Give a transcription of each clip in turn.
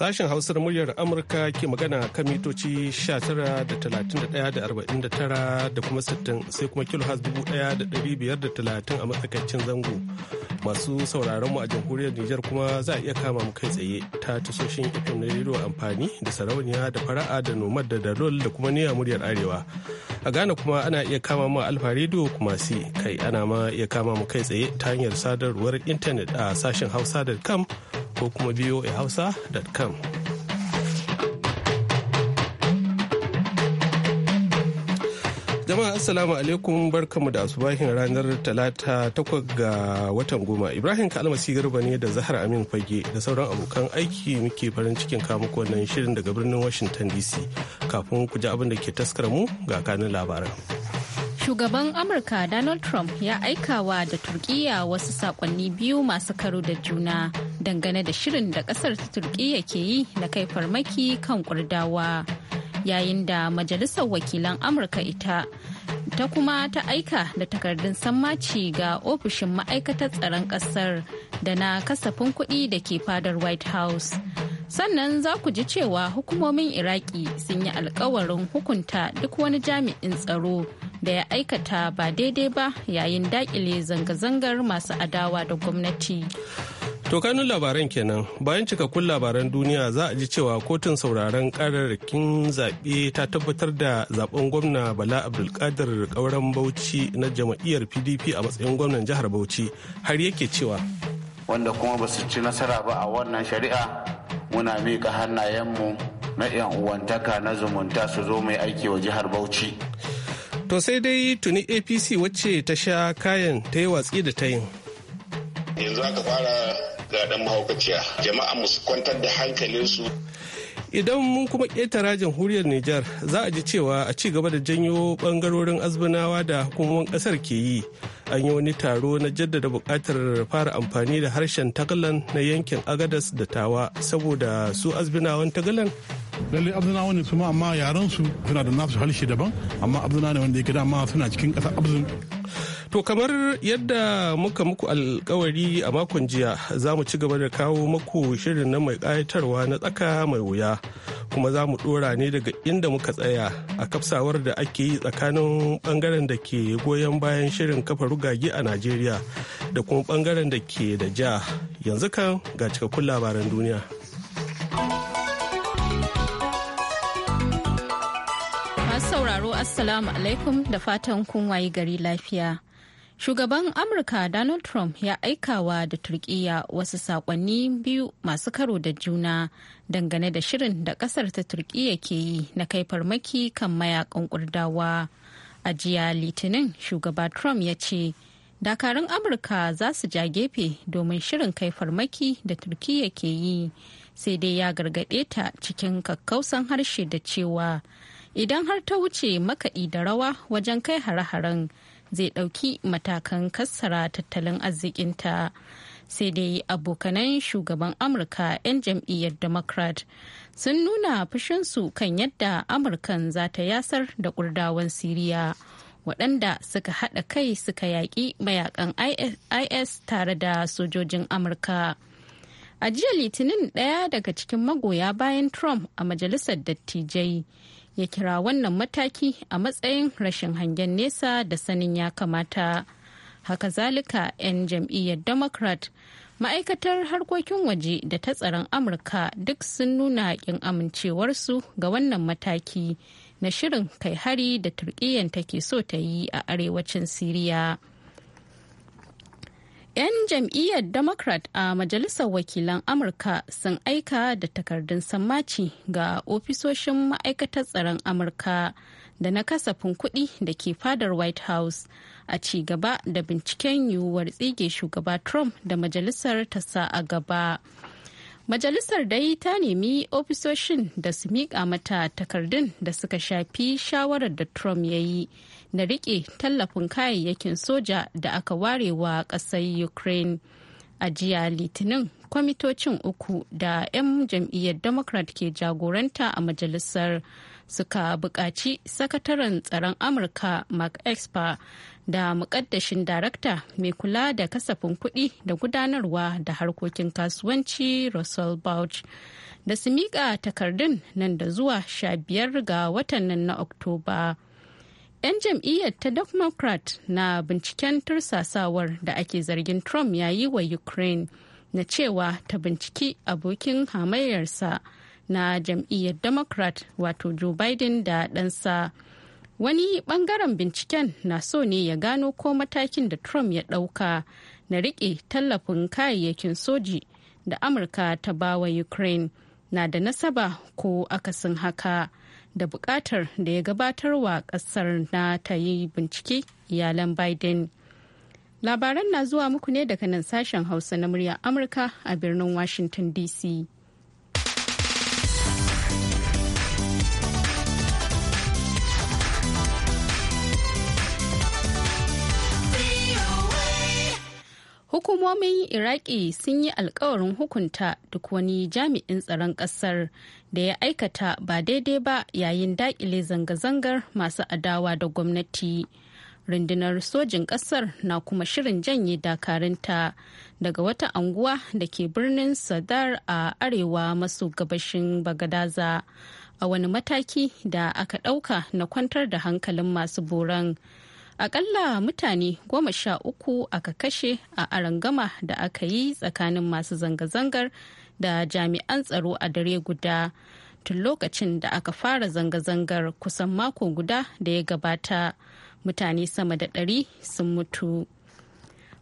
Sashen Hausar muryar Amurka ke magana kan mitoci 19.31.49 da kuma 60 sai kuma kilohaz 1,530 a matsakaicin zango. Masu sauraron mu a jamhuriyar Nijar kuma za a iya kama mu kai tsaye ta tasoshin ikon na rediyo amfani da sarauniya da fara'a da nomad da dalol da kuma niyyar muryar Arewa. A Ghana kuma ana iya kama mu Alfa rediyo kuma si kai ana ma iya kama mu kai tsaye ta hanyar sadarwar intanet a sashen hausa.com ko kuma voahausa.com. jama'a assalamu alaikum barkamu da asubahin ranar talata takwas ga watan goma ibrahim kalmasi garba ne da zahar amin fage da sauran abokan aiki muke farin cikin muku wannan shirin daga birnin washington dc kafin ku ji abin da ke taskar mu ga kanin labaran Shugaban Amurka Donald Trump ya aikawa da Turkiyya wasu sakonni biyu masu karo da juna dangane da shirin da kasar Turkiyya ke yi na kai farmaki kan kurdawa. Yayin da Majalisar Wakilan Amurka ita ta kuma ta aika da takardun sammaci ga ofishin ma'aikatar tsaron kasar da na kasafin kuɗi da ke fadar White House. sannan za ku ji cewa hukumomin iraki sun yi alkawarin hukunta duk wani jami'in tsaro da ya aikata ba daidai ba yayin dakile zanga-zangar masu adawa da gwamnati. To kanun labaran kenan bayan cikakkun labaran duniya za a ji cewa kotun sauraron kararrakin zaɓe ta tabbatar da zaɓen gwamna Bala Abdulkadir ƙauren Bauchi na jam'iyyar PDP a matsayin gwamnan jihar Bauchi har yake cewa. Wanda kuma ba su ci nasara ba a wannan shari'a muna miƙa hannayenmu na 'yan uwantaka na zumunta su zo mai aiki wa jihar Bauchi. To sai dai tuni APC wacce ta sha kayan ta yi watsi da ta yin. Yanzu aka fara ga dan mahaukaciya jama'a musu kwantar da hankalinsu idan mun kuma ƙetara jamhuriyar Nijar za a ji cewa a ci gaba da janyo ɓangarorin azbinawa da hukumomin ƙasar ke yi an yi wani taro na jaddada buƙatar fara amfani da harshen tagalan na yankin agadas da tawa saboda su azbinawan tagalan lalle abdullahi wani su ma amma yaran su suna da nasu harshe daban amma abdullahi ne wanda yake dama suna cikin kasa To kamar yadda muka muku alkawari a makon jiya za mu ci gaba da kawo muku shirin na mai ƙayatarwa na tsaka mai wuya kuma za mu ɗora ne daga inda muka tsaya a kafsawar da ake yi tsakanin bangaren da ke goyon bayan shirin kafa rugage a Najeriya da kuma ɓangaren da ke da ja yanzu kan ga cikakkun labaran duniya. Assalamu alaikum da fatan kun wayi gari lafiya. Shugaban Amurka Donald Trump ya aikawa da Turkiyya wasu sakonni biyu masu karo da juna dangane da shirin da kasar ta Turkiyya ke yi na kai farmaki kan mayakan kurdawa. A jiya Litinin, shugaba Trump ya ce, dakarun amurka za su ja gefe domin shirin kai farmaki da turkiyya ke yi sai dai ya gargaɗe ta cikin kakkausan harshe da cewa idan har ta wuce makaɗi da rawa wajen kai hare-haren zai ɗauki matakan kassara tattalin arzikinta sai dai abokanan shugaban amurka 'yan jam'iyyar democrat sun nuna fushinsu kan yadda amurkan za ta yasar da kurdawan siriya waɗanda suka haɗa kai suka yaƙi mayakan is tare da sojojin amurka a jiya litinin ɗaya daga cikin magoya bayan trump a majalisar dattijai ya kira wannan mataki a matsayin rashin hangen nesa da sanin ya kamata haka zalika 'yan jam'iyyar democrat ma'aikatar harkokin waje da ta tsaron amurka duk sun nuna kin amincewarsu ga wannan mataki na shirin kai hari da turkiyyar take so ta yi a arewacin siriya 'Yan jam'iyyar Democrat a Majalisar Wakilan Amurka sun aika da takardun sammaci ga ofisoshin ma'aikatar tsaron Amurka da na kasafin kuɗi da ke fadar White House a ci gaba da binciken yiwuwar tsige shugaba Trump da majalisar ta sa a gaba. Majalisar dai ta nemi ofisoshin da su miƙa mata takardun da suka shafi shawarar da Trump ya yi na riƙe tallafin kayayyakin soja da aka ware wa ƙasar Ukraine. a jiya litinin kwamitocin uku da 'yan jam'iyyar democrat ke jagoranta a majalisar suka buƙaci sakataren tsaron amurka mark expa da muƙaddashin darakta mai kula da kasafin kuɗi da gudanarwa da harkokin kasuwanci russell bauch da su miƙa takardun nan da zuwa 15 ga watan nan na oktoba. 'Yan jam'iyyar ta Democrat na binciken tursasawar da ake zargin Trump ya yi wa Ukraine na cewa ta binciki abokin hamayyarsa na jam'iyyar Democrat wato Joe Biden da ɗansa. Wani bangaren binciken na so ne ya gano ko matakin da Trump ya ɗauka na riƙe tallafin kayayyakin soji da Amurka ta bawa Ukraine. na da nasaba ko akasin haka da bukatar da ya gabatarwa wa kasar na ta yi bincike iyalan biden labaran na zuwa muku ne daga nan sashen hausa na murya amurka a birnin washington dc hukumomin iraki sun yi alkawarin hukunta duk wani jami'in tsaron kasar da ya aikata ba daidai ba yayin dakile zanga-zangar masu adawa da gwamnati rundunar sojin kasar na kuma shirin janye dakarunta daga wata anguwa da ke birnin sadar a arewa maso gabashin bagadaza a wani mataki da aka ɗauka na kwantar da hankalin masu boran akalla mutane goma sha uku aka kashe a arangama da aka yi tsakanin masu zanga-zangar da jami'an tsaro a dare guda tun lokacin da aka fara zanga-zangar kusan mako guda da ya gabata mutane sama da ɗari sun mutu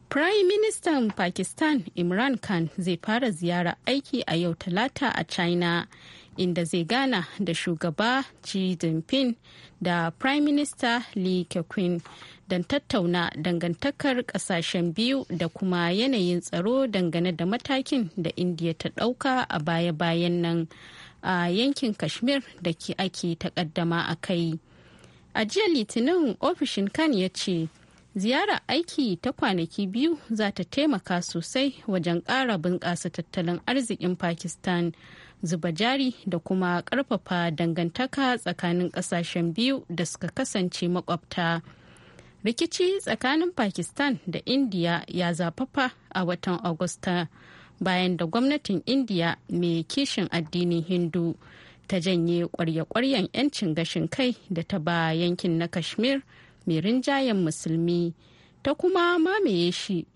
prime ministan pakistan imran khan zai fara ziyara aiki a yau talata a china inda zai gana da shugaba Xi Jinping da Prime Minister Li Keqiang don tattauna dangantakar kasashen biyu da kuma yanayin tsaro dangane da matakin da India ta ɗauka a baya-bayan nan a yankin Kashmir da ke ake takaddama a kai. A jiya Litinin ofishin Khan ya ce, ziyara aiki ta kwanaki biyu za ta taimaka sosai wajen ƙara bunƙasa tattalin arzikin Pakistan. zuba jari da kuma ƙarfafa dangantaka tsakanin ƙasashen biyu da suka kasance makwabta. rikici tsakanin pakistan da indiya ya zafafa a watan agusta bayan da gwamnatin indiya mai kishin addinin hindu ta janye kwarye-kwaryen 'yancin gashin kai da ta ba yankin na kashmir mai rinjayen musulmi ta kuma mamaye shi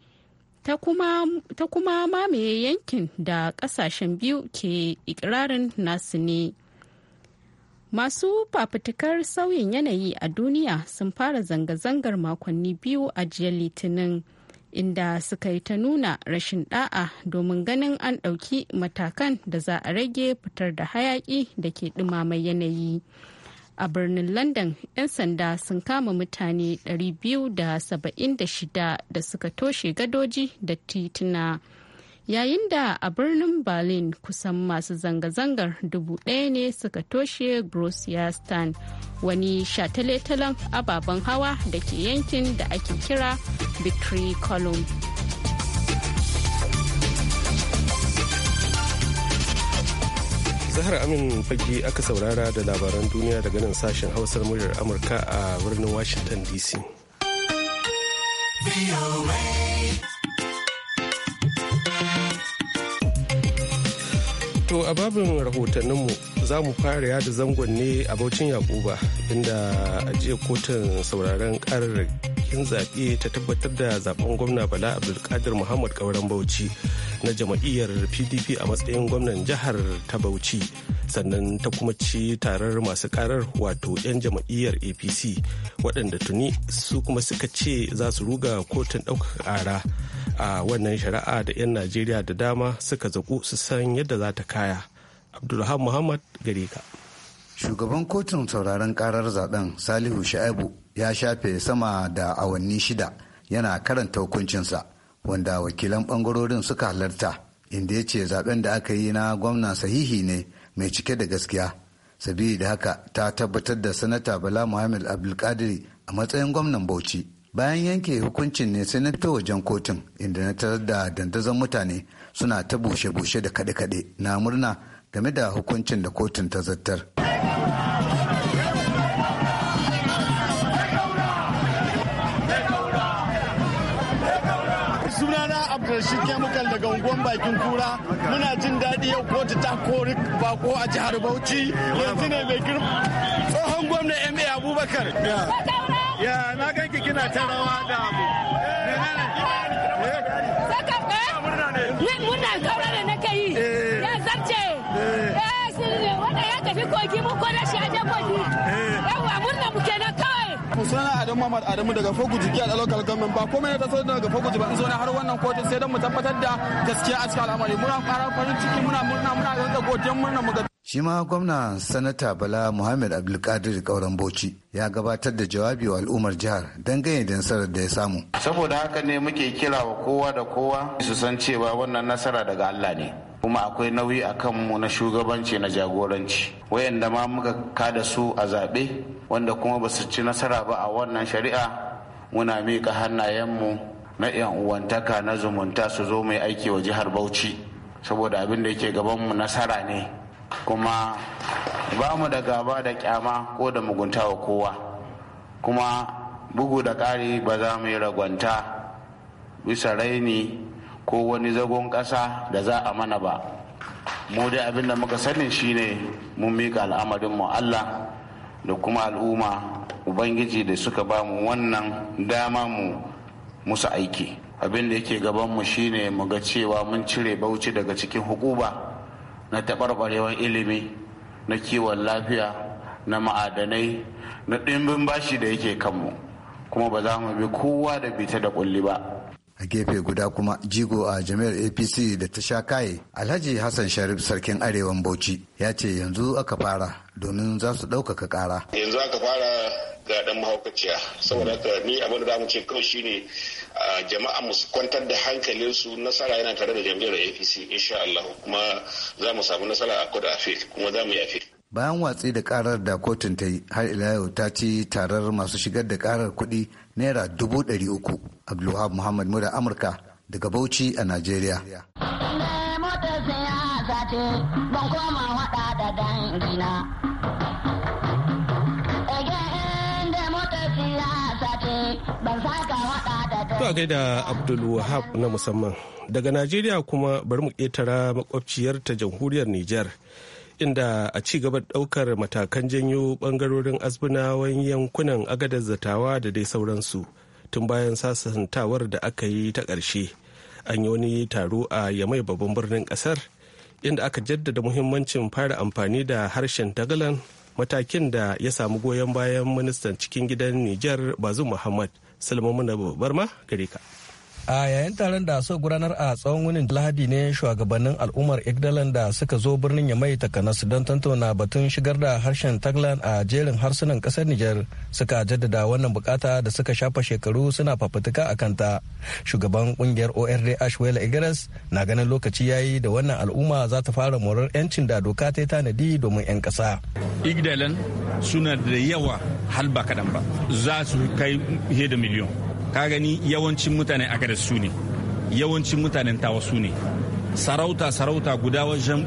ta kuma mamaye yankin da kasashen biyu ke ikirarin nasu ne masu fafutukar sauyin yanayi a duniya sun fara zanga-zangar makonni biyu a jiya litinin inda suka yi ta nuna rashin da'a domin ganin an ɗauki matakan da za a rage fitar da hayaki da ke ɗumama yanayi. a birnin london 'yan sanda sun kama mutane 276 da suka toshe gadoji da tituna yayin da a birnin berlin kusan masu zanga-zangar dubu ɗaya ne suka toshe Borussia stan wani shataletalen ababen hawa da ke yankin da ake kira victory column Zahar Amin fage aka saurara da labaran duniya daga nan sashen hausar muryar Amurka a birnin Washington DC. To a babin rahotanninmu za mu fara yada zangon ne a Baucin Yakuba inda a jiya kotun sauraron karar harkokin zaɓe ta tabbatar da zaben gwamna bala abdulkadir muhammad kauran bauchi na jam'iyyar pdp a matsayin gwamnan jihar ta bauchi sannan ta kuma ci tarar masu karar wato 'yan jam'iyyar apc waɗanda tuni su kuma suka ce za su ruga kotun ɗaukar ƙara a wannan shari'a da 'yan najeriya da dama suka zaku su san yadda za ta kaya abdulham muhammad gare ka shugaban kotun sauraron karar zaben salihu sha'ibu ya shafe sama da awanni shida yana karanta hukuncinsa wanda wakilan bangarorin suka halarta inda ya ce zaben da aka yi na gwamna sahihi ne mai cike da gaskiya sabili da haka ta tabbatar da sanata bala muhammad abdulkadiri a matsayin gwamnan bauchi bayan yanke hukuncin ne sai na fito wajen kotun inda na tarar da dandazon mutane suna ta bushe-bushe da kaɗe-kaɗe na murna game da hukuncin da kotun ta zartar. shi kemikal daga unguwan bakin kura muna jin daɗi yau kotu ta kori bako a jihar bauchi yanzu ne mai girma tsohon gwamna ma abubakar ya na ganki kina ta rawa da abu muna kaura da nake yi ya zarce ya wanda ya tafi kogi mun kona shi a je kogi yawa murna muke suna Adamu Muhammad Adamu daga Foguji a da local government ba komai ta so daga Foguji ba in zo na har wannan kotun sai don mu tabbatar da gaskiya a cikin al'amari muna fara farin ciki muna murna muna ga godiyar murna mu ga Shi ma gwamna Sanata Bala Muhammad Abdulkadir Kauran Bauchi ya gabatar da jawabi wa al'ummar jihar dangane da nasarar da ya samu. Saboda haka ne muke kira wa kowa da kowa su san cewa wannan nasara daga Allah ne. kuma akwai nauyi a kanmu na shugabanci na jagoranci wayanda ma muka kada su a zaɓe wanda kuma ba su ci nasara ba a wannan shari'a muna miƙa hannayenmu na 'yan uwantaka na zumunta su zo mai aiki wa jihar bauchi saboda abin da yake gabanmu nasara ne kuma ba mu da gaba da kyama ko da mugunta wa kowa kuma bugu da ƙari ba za mu yi ragwanta bisa raini ko wani zagon ƙasa da za a mana ba mu dai abin da muka sani shine mun mika al'amarinmu Allah da kuma al'umma ubangiji da suka ba mu wannan dama mu musu aiki abin da yake gabanmu shine mu ga cewa mun cire bauchi daga cikin hukuba na taɓarɓarewar ilimi na kiwon lafiya na ma'adanai na ɗimbin bashi da yake kanmu kuma ba za mu bi kowa da bita da ƙulli ba a gefe guda kuma jigo a jami'ar apc da ta sha kaye alhaji hassan sharif sarkin arewan bauchi ya ce yanzu aka fara domin za su ɗaukaka ƙara yanzu aka fara ga dan mahaukaciya saboda haka ni abin da zamu ce kawai shine jama'a mu su kwantar da hankalinsu nasara yana tare da jami'ar apc insha Allah kuma za mu samu nasara a kudu afil kuma za mu yi afil bayan watsi da karar da kotun ta yi har ila yau ta ci tarar masu shigar da karar kuɗi naira dubu ɗari uku abdulwahab muhammad mura amurka daga bauchi a najeriya ban da a gaida Abdul Wahab na musamman. Daga Najeriya kuma bari mu ƙetara makwabciyar ta jamhuriyar Nijar. inda a ci gaba daukar matakan janyo bangarorin azbunawan yankunan agadar zatawa da dai sauransu tun bayan sasantawar da aka yi ta ƙarshe an yi wani taro a yamai babban birnin ƙasar inda aka jaddada muhimmancin fara amfani da harshen tagalan matakin da ya samu goyon bayan ministan cikin gidan nijar bazu muhammad salmamu na ma gare ka. a yayin taron da suka gudanar a tsawon wunin lahadi ne shugabannin al'ummar igdalan da suka zo birnin ya mai takanas don tantauna batun shigar da harshen taglan a jerin harsunan kasar niger suka jaddada wannan bukata da suka shafa shekaru suna fafutuka a kanta shugaban kungiyar ord ashwela igres na ganin lokaci yayi da wannan al'umma za ta fara morar yancin da doka ta tanadi domin 'yan kasa igdalan suna da yawa halba kadan ba za su kai fiye miliyon ka gani yawancin mutane a agada su ne yawancin mutanen tawa su ne sarauta sarauta guda wajen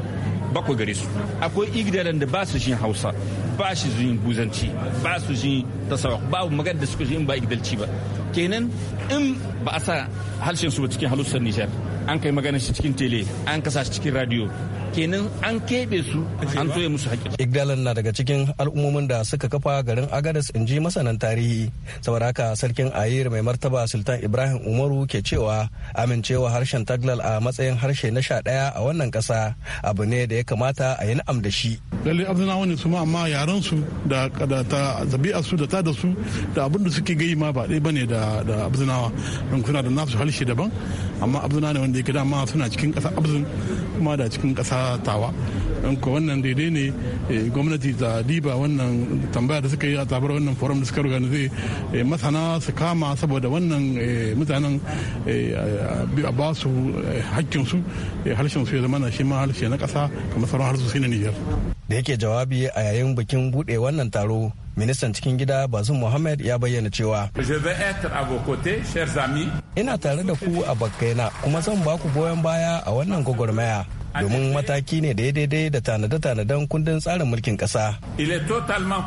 bakwai gare su akwai igdaran da ba su shi hausa ba shi zuyin buzanci ba su shi ba babu magana da suka shi in ba igdalci ba kenan in ba a sa harshen su ba cikin halustar nijar an kai magana shi cikin tele an kasa shi cikin radio kenan an kebe su an toye musu haƙƙi. Igdalan na daga cikin al'ummomin da suka kafa garin Agadas in ji masanan tarihi. Saboda haka sarkin Ayir mai martaba Sultan Ibrahim Umaru ke cewa amincewa harshen Taglal a matsayin harshe na sha ɗaya a wannan ƙasa abu ne da ya kamata a yi na'am da shi. Lalle Abdullawa ne su ma amma yaran su da ta zabi'a su da ta da su da abin da suke gai ma ba ɗaya bane da Abdullawa don kuna da nasu harshe daban amma abzuna ne wanda yake dama suna cikin kasa abzun kuma da cikin kasa tawa don ko wannan daidai ne eh, gwamnati ta diba wannan tambaya da suka yi a tabar wannan forum da suka organize eh, masana su kama saboda wannan eh, mutanen a ba su hakkinsu harshen su ya zama na shi ma harshe na kasa kamar sauran sai na niger da yake jawabi a yayin bikin bude wannan taro ministan cikin gida bazum muhammad ya bayyana cewa ina tare da ku a bakkaina kuma zan ba ku goyon baya a wannan gwagwarmaya domin mataki ne da ya daidai da tanade-tanaden kundin tsarin mulkin kasa. Il est totalement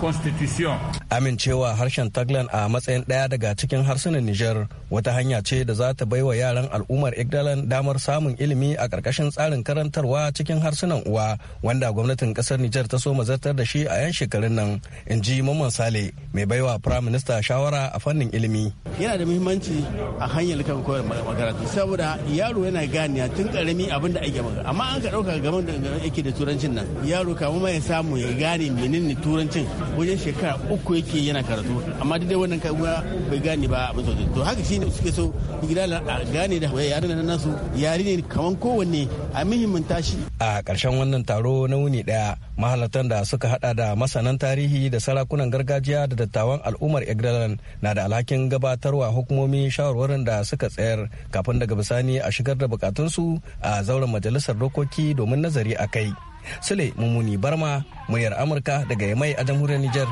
constitution. Amincewa harshen Taglan a matsayin ɗaya daga cikin harsunan Nijar wata hanya ce da za ta baiwa yaran al'ummar Igdalan damar samun ilimi a ƙarƙashin tsarin karantarwa cikin harsunan uwa. cewa wanda gwamnatin kasar Nijar ta so mazartar da shi a 'yan shekarun nan in ji Mamman Sale mai baiwa Prime Minister shawara a fannin ilimi. Yana da muhimmanci a hanyar likan koyar makarantu saboda yaro yana ganiya tun karami abin da ake maka amma an ka ɗauka gaban da yake da turancin nan yaro kamu ma ya samu ya gane menene turancin wajen shekara uku yake yana karatu amma duk da wannan kaguwa bai gane ba abin sosai to haka shine suke so gida a gane da yaran nan nasu yari ne kaman kowanne a muhimmin tashi. A ƙarshen wannan taro na wuni daya mahalartan da suka hada da masanan tarihi da sarakunan gargajiya da dattawan al'ummar egdalan na da alhakin gabatarwa hukumomi shawarwarin da suka tsayar kafin daga bisani a shigar da bukatunsu a zauren majalisar dokoki domin nazari a kai sule mummuni barma muryar amurka daga yamai a jamhuriyar niger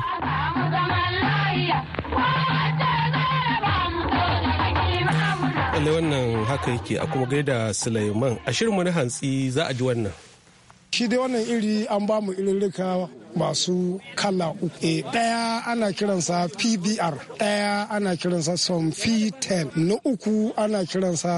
wannan haka yake a kuma gaida Sulaiman a shirin na hantsi za a ji wannan. Shi dai wannan iri an ba mu irirrika masu kala uku. E, eh, ɗaya ana kiransa PBR, ɗaya ana kiransa p 10 na uku ana kiransa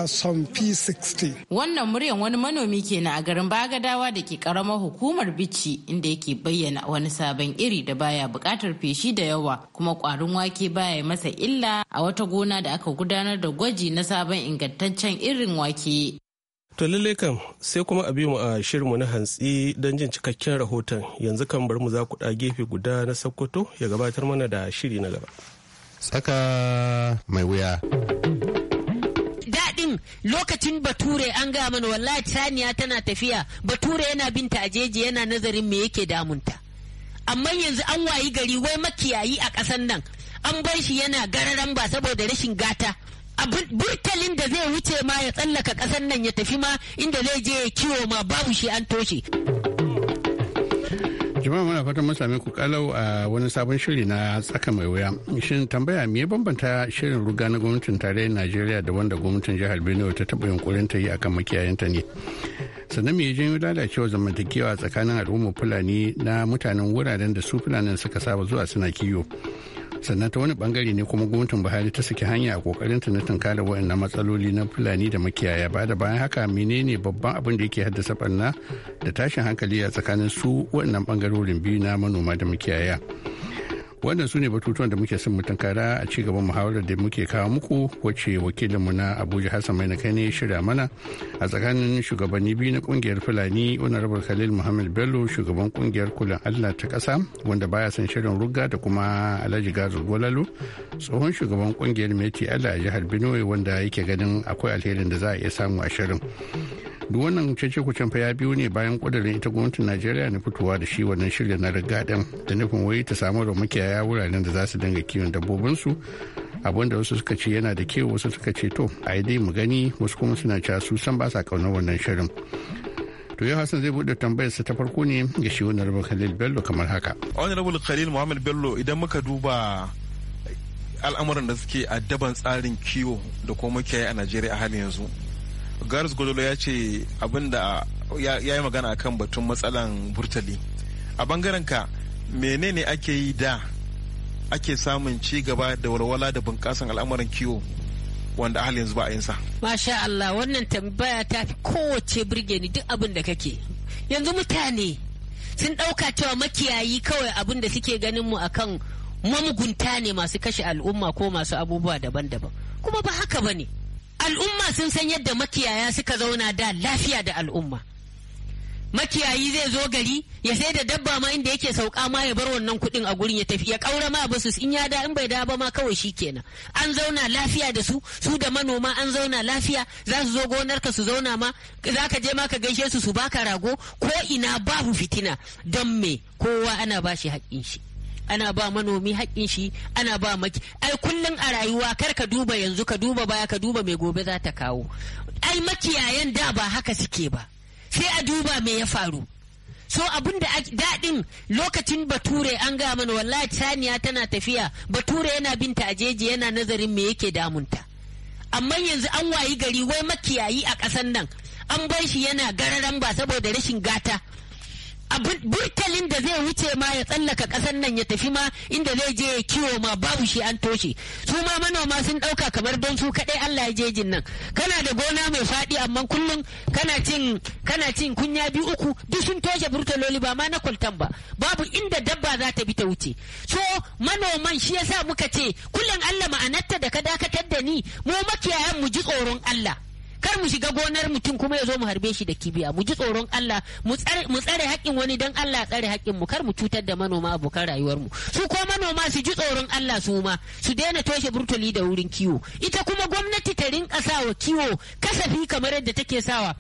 p 60. Wannan muryan wani manomi kenan a garin Bagadawa da ke karamar hukumar Bici inda yake bayyana wani sabon iri da baya bukatar feshi da yawa kuma ƙwarin wake baya masa illa a wata gona da aka gudanar da gwaji na sabon ingantaccen irin wake. To lallai kam sai kuma a bi mu a shirinmu na hantsi don jin cikakken rahoton yanzu kan bar mu za ku gefe guda na Sokoto ya gabatar mana da shiri na gaba. Tsaka mai wuya. Daɗin lokacin bature an gaya mana wallahi saniya tana tafiya bature yana binta a jeji yana nazarin me yake damunta. Amma yanzu an wayi gari wai makiyayi a ƙasan nan an bar shi yana gararan ba saboda rashin gata burtalin da zai wuce ma ya tsallaka ƙasar nan ya tafi ma inda zai je ya kiwo ma babu shi an toshe. jama'a muna fatan mun same ku kalau a wani sabon shiri na tsaka mai wuya shin tambaya me bambanta shirin ruga na gwamnatin tarayyar najeriya da wanda gwamnatin jihar benue ta taba yunkurin ta yi akan makiyayanta ne sannan me janyo lalacewa zamantakewa tsakanin al'ummar fulani na mutanen wuraren da su fulanin suka saba zuwa suna kiwo sannan ta wani bangare ne kuma gwamnatin buhari ta saki hanya a kokarin ta na tunkara waɗannan matsaloli na fulani da makiyaya ba da bayan haka menene babban abin da yake haddasa barna da tashin hankali a tsakanin su waɗannan bangarorin biyu na manoma da makiyaya wannan su ne batutuwan da muke son kara a ci gaban muhawarar da muke kawo muku wacce mu na abuja hassan mai kai ne shirya mana a tsakanin shugabanni biyu na kungiyar fulani honorable khalil muhammad bello shugaban kungiyar kulan allah ta kasa wanda baya son shirin ruga da kuma alhaji gazu gwalalo tsohon shugaban kungiyar meti allah a jihar benue wanda yake ganin akwai alherin da za a iya samu a shirin duk wannan cece kucin fa ya biyo ne bayan kudirin ita gwamnatin najeriya na fitowa da shi wannan shirya na rigaɗin da nufin wai ta samar da makiyaya wuraren da za su dinga kiwon su abin da wasu suka ce yana da kyau wasu suka ce to a yi dai mu gani wasu kuma suna cewa su san ba sa kaunar wannan shirin to yau hassan zai bude tambayar sa ta farko ne ga shi honorable khalil bello kamar haka honorable khalil muhammad bello idan muka duba al'amuran da suke addaban tsarin kiwo da kuma makiyaya a najeriya a halin yanzu Garis Godolo ya ce abin ya yi magana akan batun matsalan burtali. A bangaren ka menene ake yi da ake samun ci gaba da walwala da bunƙasan al'amuran kiwo wanda hal yanzu ba a yin Masha Allah wannan tambaya ta fi kowace birge ni duk abin da kake. Yanzu mutane sun ɗauka cewa makiyayi kawai abin da suke ganin mu akan mamugunta ne masu kashe al'umma ko masu abubuwa daban-daban. Kuma ba haka bane. al'umma sun san yadda makiyaya suka zauna da lafiya da al'umma makiyayi zai zo gari ya sai da dabba ma inda yake sauka ma ya bar wannan kuɗin a gurin ya tafi ya ƙaura ma basu in ya da in bai da ba ma kawai shi kenan an zauna lafiya da su su da manoma an zauna lafiya za su zo gonarka su zauna ma za ka je ma ka gaishe su su baka rago ko ina babu fitina don me kowa ana bashi haƙƙin shi ana ba manomi haƙƙin shi ana ba maki ai kullum a rayuwa kar ka duba yanzu ka duba baya ka duba mai gobe za ta kawo ai makiyayan da ba haka suke ba sai a duba me ya faru so abin da daɗin lokacin bature an ga mana wallahi saniya tana tafiya bature yana binta a jeji yana nazarin me yake damunta amma yanzu an wayi gari wai makiyayi a ƙasan nan an bar shi yana gararan ba saboda rashin gata burtalin da zai wuce ma ya tsallaka ƙasar nan ya tafi ma inda zai je ya kiwo ma babu shi an toshe su ma manoma sun ɗauka kamar don su kaɗai Allah ya jejin nan kana da gona mai faɗi amma kullum kana cin kana cin kunya biyu uku duk sun toshe burtaloli ba ma na kwaltan ba babu inda dabba za ta bi ta wuce so manoman shi yasa muka ce kullum Allah ma'anarta da ka dakatar da ni mu makiyayan mu ji tsoron Allah kar mu shiga gonar mutum kuma ya zo mu harbe shi da kibiya mu ji tsoron Allah mu tsare haƙƙin wani dan Allah tsare haƙƙin mu kar mu cutar da manoma abokan rayuwar mu su ko manoma su ji tsoron Allah su ma su daina toshe burtuli da wurin kiwo ita kuma gwamnati ta rinka sawa kiwo kasafi kamar yadda take sawa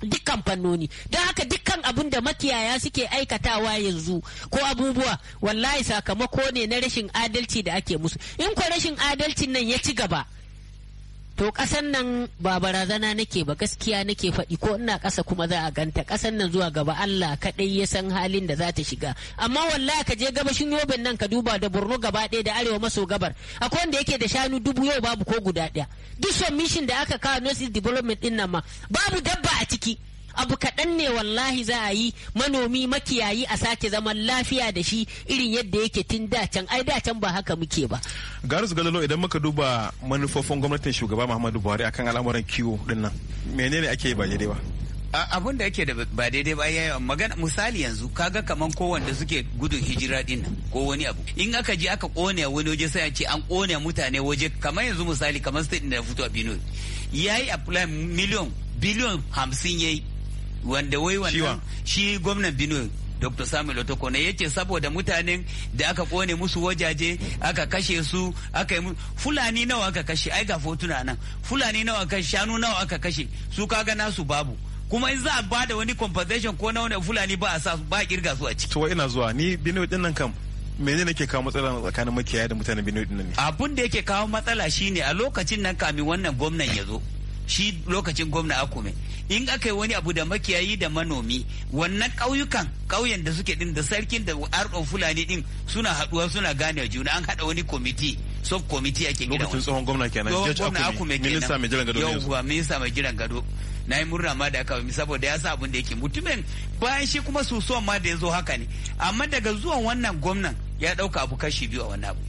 dukkan fannoni don haka dukkan abin da makiyaya suke aikatawa yanzu ko abubuwa wallahi sakamako ne na rashin adalci da ake musu in ko rashin adalcin nan ya ci gaba to kasan nan ba barazana nake ba gaskiya nake faɗi ko ina ƙasa kuma za a ganta ƙasan nan zuwa gaba Allah kaɗai ya san halin da za ta shiga amma wallahi ka je gabashin yobin nan ka duba da borno gaba ɗaya da arewa maso gabar akwai wanda yake da shanu dubu yau babu ko guda ɗaya duk mishin da aka kawo nosis development din nan ma babu dabba a ciki abu kaɗan ne wallahi za a yi manomi makiyayi a sake zaman lafiya da shi irin yadda yake tun da can ai da can ba haka muke ba garis galilo idan muka duba manufofin gwamnatin shugaba muhammadu buhari akan al'amuran kiwo dinnan menene ake ba daidai ba abin da yake da ba daidai ba yayi magana misali yanzu kaga kaman ko wanda suke gudun hijira din ko wani abu in aka je aka kone wani waje sai a ce an kone mutane waje kamar yanzu misali kamar state da fito a Benue yayi apply miliyon biliyon hamsin yayi wanda wai wannan shi gwamnan Benue Dr. Samuel Otoko ne yake saboda mutanen da aka kone musu wajaje aka kashe su aka yi Fulani nawa aka kashe ai ga fotuna nan Fulani nawa aka shanu nawa aka kashe su kaga nasu babu kuma in za a ba da wani compensation ko na wani fulani ba a sa ba a kirga su a ciki. To ina zuwa ni Benue din nan kam menene nake kawo matsala tsakanin makiyaya da mutanen Benue din nan ne? Abun da yake kawo matsala shine a lokacin nan kamin wannan gwamnan ya zo shi lokacin gwamna akume in aka yi wani abu da makiyayi da manomi wannan ƙauyukan ƙauyen da suke din da sarkin da arɗon fulani din suna haɗuwa suna gane juna an haɗa wani komiti sub komiti ake wani. lokacin tsohon gwamna kenan tsohon gwamna akume kenan minista mai jiran gado yauwa minista mai jiran gado na yi murna ma da aka yi saboda ya sa abin da yake mutumin bayan shi kuma susuwan ma da ya zo haka ne amma daga zuwan wannan gwamnan ya ɗauka abu kashi biyu a wannan abu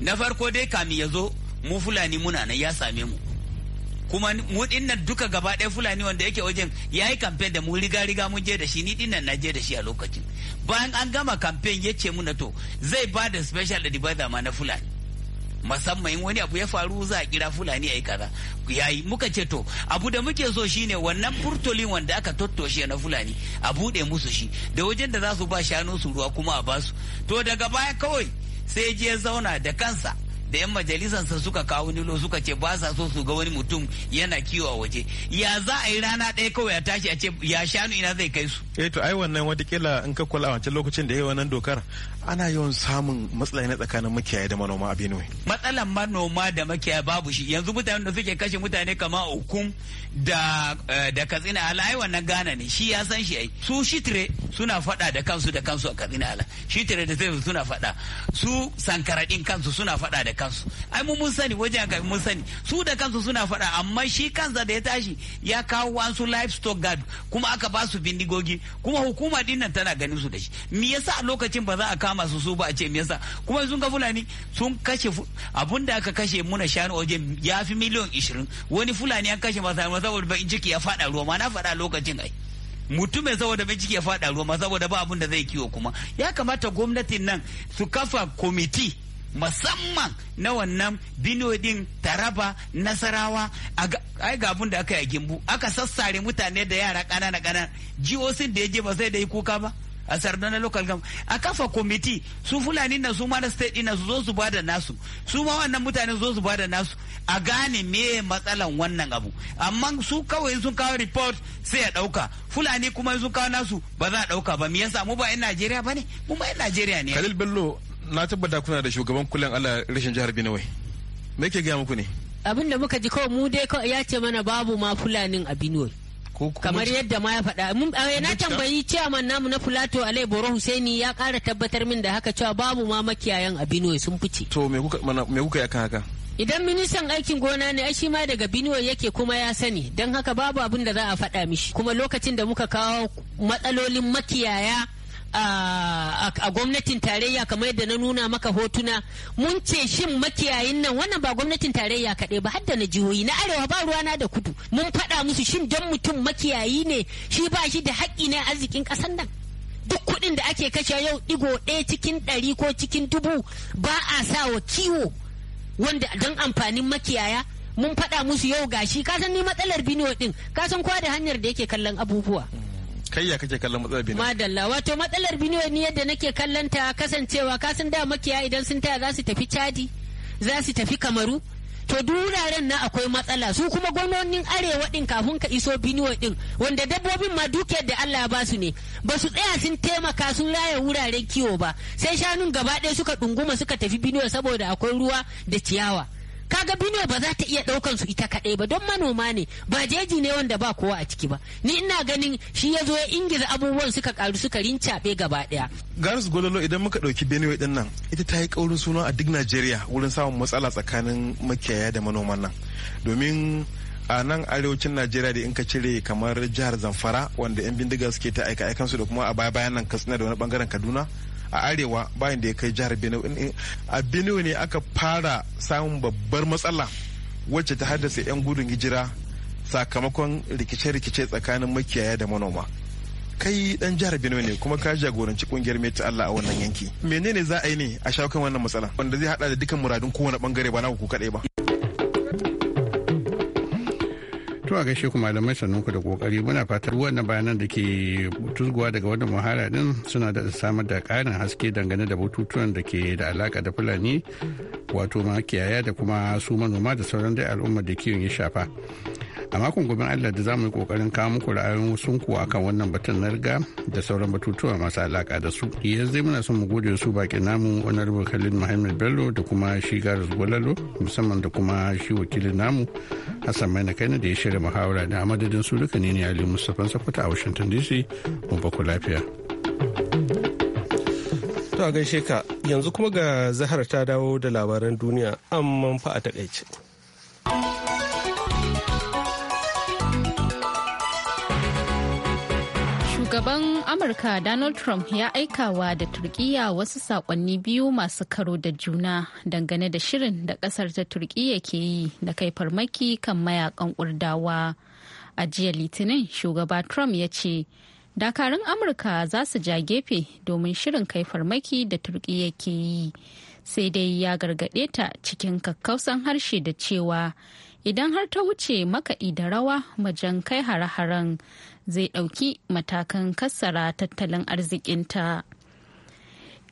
na farko dai kami ya zo mu fulani muna nan ya same mu kuma mu dinnan duka gaba ɗaya fulani wanda yake wajen ya yi kamfen da mu riga riga mun je da shi ni dinnan na je da shi a lokacin bayan an gama kamfen ya ce mu na to zai ba da special advisor ma na fulani musamman in wani abu ya faru za a kira fulani ayi yi kaza yayi muka ce to abu da muke so shine wannan furtolin wanda aka tottoshe na fulani a buɗe musu shi da wajen da za su ba shanu su ruwa kuma a basu to daga baya kawai sai je zauna da kansa da yan sa suka kawo lo suka ce ba sa so su ga wani mutum yana kiwo a waje ya za a yi rana ɗaya kawai ya tashi a ce ya shanu ina zai kai su eh to ai wannan watakila in ka kula a wancan lokacin da ya yi wannan dokar ana yawan samun matsala na tsakanin makiyaya da manoma a Benue. Matsalan manoma da makiyaya babu shi yanzu mutanen da suke kashe mutane kama hukum da eh, da katsina ala ai wannan Ghana ne shi ya san shi ai su shitire suna fada da kansu da kansu a katsina ala shitire da zai suna fada su sankaradin kansu suna fada da kansu ai mu mun sani wajen ka mun sani su da kansu suna fada amma shi kansa da ya tashi ya kawo wasu livestock guard kuma aka ba su bindigogi kuma hukuma dinnan tana ganin su da shi me yasa a lokacin ba za a kawo kama su su ba a ce me yasa kuma sun ga fulani sun kashe abun da aka kashe muna shanu wajen ya fi miliyan ishirin wani fulani an kashe masa saboda bakin ciki ya fada ruwa ma na fada lokacin ai mutum ya saboda bakin ciki ya fada ruwa ma saboda ba abun da zai kiwo kuma ya kamata gwamnatin nan su kafa komiti musamman na wannan binodin taraba nasarawa ai ga abun da aka yi a gimbu aka sassare mutane da yara kanana jiwo sun da ya je ba sai da yi kuka ba a sardana local gam a kafa kwamiti su fulani na su mana na state ɗina su zo su bada nasu su ma wannan mutane zo su bada nasu a gane me matsalan wannan abu amma su kawai sun kawo report sai ya dauka fulani kuma sun kawo nasu ba za a dauka ba me yasa mu ba 'yan najeriya ba ne mu ma 'yan najeriya ne khalil bello na tabbata kuna da shugaban kulen Allah rashin jihar benue me ke gaya muku ne abin da muka ji kawai mu dai ya ce mana babu ma fulanin a benue Ko kamar yadda ma ya faɗa Mun a eh, na tambayi man namu na filato alai boro husaini ya ƙara tabbatar min da haka cewa babu ma makiyayan a benue sun fice to me kuka kuka akan haka idan ministan aikin gona ne ai shi ma daga benue yake kuma ya sani dan haka babu abin da za a faɗa mishi kuma lokacin da muka kawo matsalolin makiyaya a gwamnatin tarayya kamar yadda na nuna maka hotuna mun ce shin makiyayin nan wannan ba gwamnatin tarayya kaɗai ba har da na jihohi na arewa ba ruwa na da kudu mun faɗa musu shin don mutum makiyayi ne shi ba shi da haƙƙi na arzikin ƙasar nan duk kuɗin da ake kashe yau ɗigo ɗaya cikin ɗari ko cikin dubu ba a sa wa kiwo wanda don amfanin makiyaya mun faɗa musu yau gashi ka san ni matsalar biniyo ɗin ka san kowa da hanyar da yake kallon abubuwa kai kake kallon matsalar biniyoyi madalla wato matsalar biniyoyi ni yadda nake kallon ta kasancewa kasan da makiya idan sun taya za su tafi Chadi za su tafi Kamaru to duk wuraren na akwai matsala su kuma gwamnonin arewa din kafin ka iso binuwa din wanda dabbobin ma dukiyar da Allah ba su ne ba su tsaya sun taimaka sun raya wuraren kiwo ba sai shanun gaba ɗaya suka dunguma suka tafi binuwa saboda akwai ruwa da ciyawa kaga Benue ba za ta iya ɗaukan su ita kaɗai ba don manoma ne ba jeji ne wanda ba kowa a ciki ba ni ina ganin shi ya zo ya ingiza abubuwan suka karu suka rincaɓe gaba ɗaya. Garis Gololo idan muka ɗauki Benue ɗin nan ita ta yi kaurin suna a duk Najeriya wurin samun matsala tsakanin makiyaya da manoman nan domin a nan arewacin najeriya da in ka cire kamar jihar zamfara wanda 'yan bindiga suke ta aika aikansu da kuma a baya bayan nan katsina da wani bangaren kaduna a arewa bayan da ya kai jihar benue a benue ne aka fara samun babbar matsala wacce ta haddasa 'yan gudun hijira sakamakon rikice-rikice tsakanin makiyaya da manoma kai dan jihar benue ne kuma ka jagoranci kungiyar meta allah a wannan yanki menene za a yi ne a shawo kan wannan matsala wanda zai hada da dukkan muradun kowane bangare ba na ku kadai ba To a gaishe ku malamai sannan ku da kokari muna fatar na bayanan da ke tusguwa daga wannan muhara din suna da samar da karin haske dangane da bututun da ke da alaka da Fulani wato makiyaya da kuma su manoma da sauran dai al'ummar da kiwon ya shafa. a makon gobe allah da za mu yi kokarin kawo muku ra'ayoyin wasu ku akan wannan batun na riga da sauran batutuwa masu alaka da su yanzu zai muna son mu gode su bakin namu honorable khalid muhammad bello da kuma shi garis gwalalo musamman da kuma shi wakilin namu hassan mai na kaina da ya shirya muhawara da amadadin su duka ne ne ali mustapha sakwata a washington dc mu baku lafiya to a gaishe ka yanzu kuma ga zahara ta dawo da labaran duniya amma fa a takaice. Shugaban Amurka Donald Trump ya aikawa da Turkiyya wasu sakonni biyu masu karo da juna dangane da shirin da kasar ta Turkiyya ke yi da kai farmaki kan mayakan kurdawa. A jiya Litinin, shugaba Trump ya ce, Dakarun Amurka za su ja gefe domin shirin kai farmaki da Turkiyya ke yi. Sai dai ya gargaɗe ta cikin kakkausan harshe da cewa, idan har ta wuce makaɗi da rawa majan kai hare-haren zai ɗauki matakan kassara tattalin arzikinta.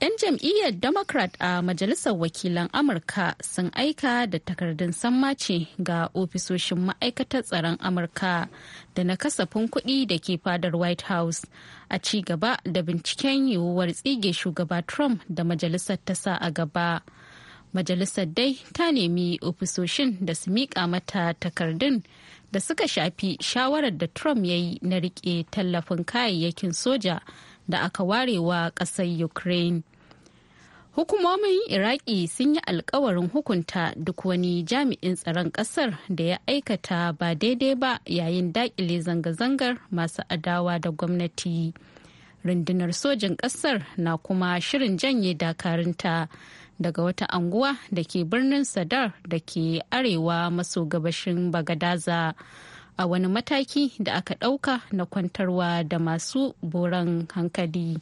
'Yan jam'iyyar Democrat a Majalisar Wakilan Amurka sun aika da takardun sammace ga ofisoshin ma'aikatar tsaron Amurka da na kasafin kuɗi da ke fadar White House a ci gaba da binciken yiwuwar tsige shugaba Trump da majalisar ta sa a gaba. Majalisar dai ta nemi ofisoshin da su miƙa mata takardun da suka shafi shawarar da Trump ya yi na rike tallafin kayayyakin soja da aka warewa ƙasar Ukraine. Hukumomin Iraki sun yi alkawarin hukunta duk wani jami'in tsaron ƙasar da ya aikata ba daidai ba yayin daƙile zanga-zangar masu adawa da gwamnati. Rundunar sojin ƙasar na kuma shirin janye dakarunta daga wata anguwa da ke birnin sadar da ke arewa maso gabashin bagadaza a wani mataki da aka ɗauka na kwantarwa da masu boran hankali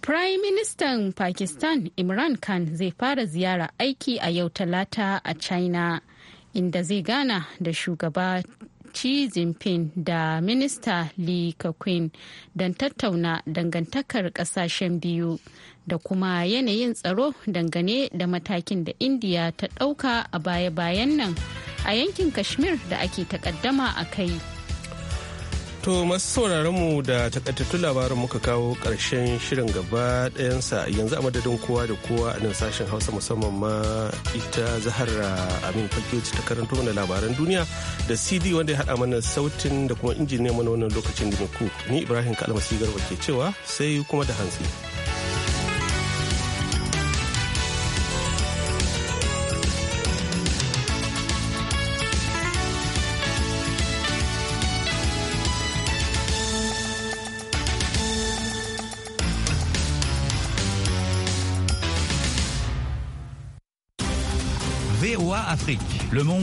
prime ministan pakistan imran khan zai fara ziyara aiki a yau talata a china inda zai gana da shugaba Xi Jinping da Minista Li Keqiang don tattauna dangantakar kasashen biyu da kuma yanayin tsaro dangane da matakin da Indiya ta ɗauka a baya-bayan nan a yankin Kashmir da ake takaddama a kai. To masu sauraron mu da takaitattun labarin muka kawo ƙarshen shirin gaba ɗayansa yanzu a madadin kowa da kowa a nan sashen Hausa musamman ma ita Zahara Amin Fakioci ta karanto mana labaran duniya da CD wanda ya haɗa mana sautin da kuma injiniya mana wannan lokacin da ku. Ni Ibrahim Kalmasi Garba ke cewa sai kuma da hantsi. Afrique. Le monde